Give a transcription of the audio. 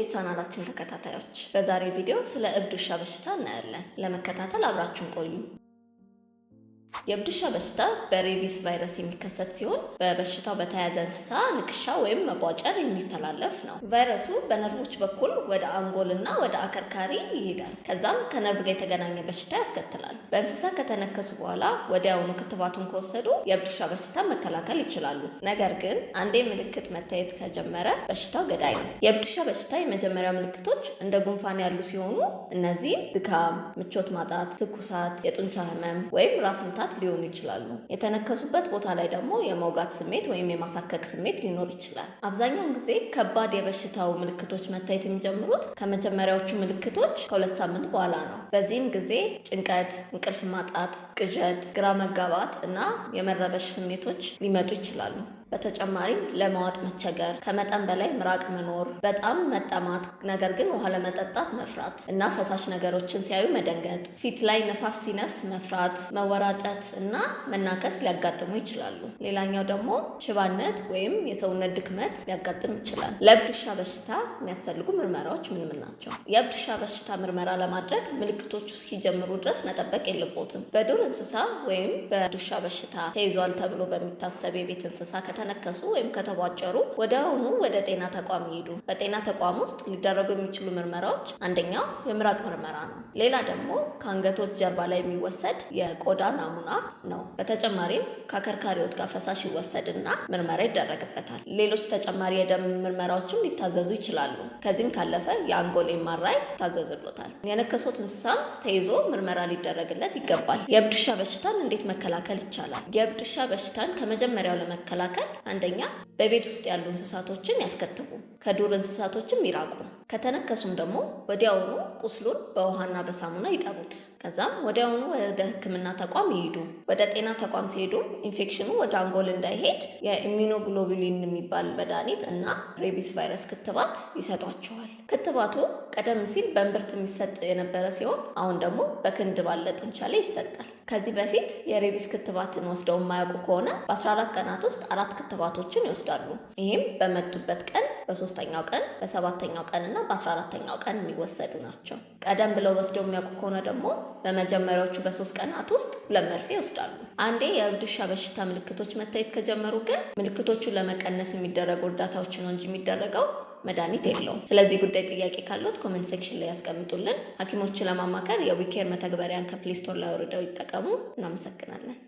ውድ የቻናላችን ተከታታዮች በዛሬው ቪዲዮ ስለ እብድ ውሻ በሽታ እናያለን። ለመከታተል አብራችን ቆዩ። የብዱሻ በሽታ በሬቢስ ቫይረስ የሚከሰት ሲሆን በበሽታው በተያያዘ እንስሳ ንክሻ ወይም መቧጨር የሚተላለፍ ነው። ቫይረሱ በነርቮች በኩል ወደ አንጎል እና ወደ አከርካሪ ይሄዳል። ከዛም ከነርቭ ጋር የተገናኘ በሽታ ያስከትላል። በእንስሳ ከተነከሱ በኋላ ወዲያውኑ ክትባቱን ከወሰዱ የእብድሻ በሽታ መከላከል ይችላሉ። ነገር ግን አንዴ ምልክት መታየት ከጀመረ በሽታው ገዳይ ነው። የእብድሻ በሽታ የመጀመሪያ ምልክቶች እንደ ጉንፋን ያሉ ሲሆኑ እነዚህም ድካም፣ ምቾት ማጣት፣ ትኩሳት፣ የጡንቻ ህመም ወይም ራስ መምታት ሊሆኑ ይችላሉ። የተነከሱበት ቦታ ላይ ደግሞ የመውጋት ስሜት ወይም የማሳከክ ስሜት ሊኖር ይችላል። አብዛኛውን ጊዜ ከባድ የበሽታው ምልክቶች መታየት የሚጀምሩት ከመጀመሪያዎቹ ምልክቶች ከሁለት ሳምንት በኋላ ነው። በዚህም ጊዜ ጭንቀት፣ እንቅልፍ ማጣት፣ ቅዠት፣ ግራ መጋባት እና የመረበሽ ስሜቶች ሊመጡ ይችላሉ። በተጨማሪም ለማዋጥ መቸገር፣ ከመጠን በላይ ምራቅ መኖር፣ በጣም መጠማት ነገር ግን ውሃ ለመጠጣት መፍራት እና ፈሳሽ ነገሮችን ሲያዩ መደንገጥ፣ ፊት ላይ ነፋስ ሲነፍስ መፍራት፣ መወራጨት እና መናከስ ሊያጋጥሙ ይችላሉ። ሌላኛው ደግሞ ሽባነት ወይም የሰውነት ድክመት ሊያጋጥም ይችላል። ለእብድሻ በሽታ የሚያስፈልጉ ምርመራዎች ምን ምን ናቸው? የእብድሻ በሽታ ምርመራ ለማድረግ ምልክቶቹ እስኪጀምሩ ድረስ መጠበቅ የለቦትም። በዱር እንስሳ ወይም በዱሻ በሽታ ተይዟል ተብሎ በሚታሰብ የቤት እንስሳ ከተነከሱ ወይም ከተቧጨሩ ወዲያውኑ ወደ ጤና ተቋም ይሄዱ። በጤና ተቋም ውስጥ ሊደረጉ የሚችሉ ምርመራዎች አንደኛው የምራቅ ምርመራ ነው። ሌላ ደግሞ ከአንገቶች ጀርባ ላይ የሚወሰድ የቆዳ ናሙና ነው። በተጨማሪም ከአከርካሪዎት ጋር ፈሳሽ ይወሰድና ምርመራ ይደረግበታል። ሌሎች ተጨማሪ የደም ምርመራዎችም ሊታዘዙ ይችላሉ። ከዚህም ካለፈ የአንጎል ኤምአርአይ ይታዘዝሎታል። የነከሱት እንስሳ ተይዞ ምርመራ ሊደረግለት ይገባል። የእብድ ውሻ በሽታን እንዴት መከላከል ይቻላል? የእብድ ውሻ በሽታን ከመጀመሪያው ለመከላከል አንደኛ በቤት ውስጥ ያሉ እንስሳቶችን ያስከትቡ፣ ከዱር እንስሳቶችም ይራቁ። ከተነከሱም ደግሞ ወዲያውኑ ቁስሉን በውሃና በሳሙና ይጠቡት። ከዛም ወዲያውኑ ወደ ሕክምና ተቋም ይሄዱ። ወደ ጤና ተቋም ሲሄዱ ኢንፌክሽኑ ወደ አንጎል እንዳይሄድ የኢሚኖግሎቢሊን የሚባል መድኃኒት እና ሬቢስ ቫይረስ ክትባት ይሰጧቸዋል። ክትባቱ ቀደም ሲል በእምብርት የሚሰጥ የነበረ ሲሆን አሁን ደግሞ በክንድ ባለ ጡንቻ ላይ ይሰጣል። ከዚህ በፊት የሬቢስ ክትባትን ወስደው የማያውቁ ከሆነ በ14 ቀናት ውስጥ አራት ክትባቶችን ይወስዳሉ። ይህም በመጡበት ቀን፣ በሶስተኛው ቀን፣ በሰባተኛው ቀን እና በአስራ አራተኛው ቀን የሚወሰዱ ናቸው። ቀደም ብለው ወስደው የሚያውቁ ከሆነ ደግሞ በመጀመሪያዎቹ በሶስት ቀናት ውስጥ ሁለት መርፌ ይወስዳሉ። አንዴ የእብድ ውሻ በሽታ ምልክቶች መታየት ከጀመሩ ግን ምልክቶቹን ለመቀነስ የሚደረጉ እርዳታዎች ነው እንጂ የሚደረገው መድኃኒት የለውም። ስለዚህ ጉዳይ ጥያቄ ካሉት ኮሜንት ሴክሽን ላይ ያስቀምጡልን። ሐኪሞችን ለማማከር የዊኬር መተግበሪያን ከፕሌስቶር ላይ ወርደው ይጠቀሙ። እናመሰግናለን።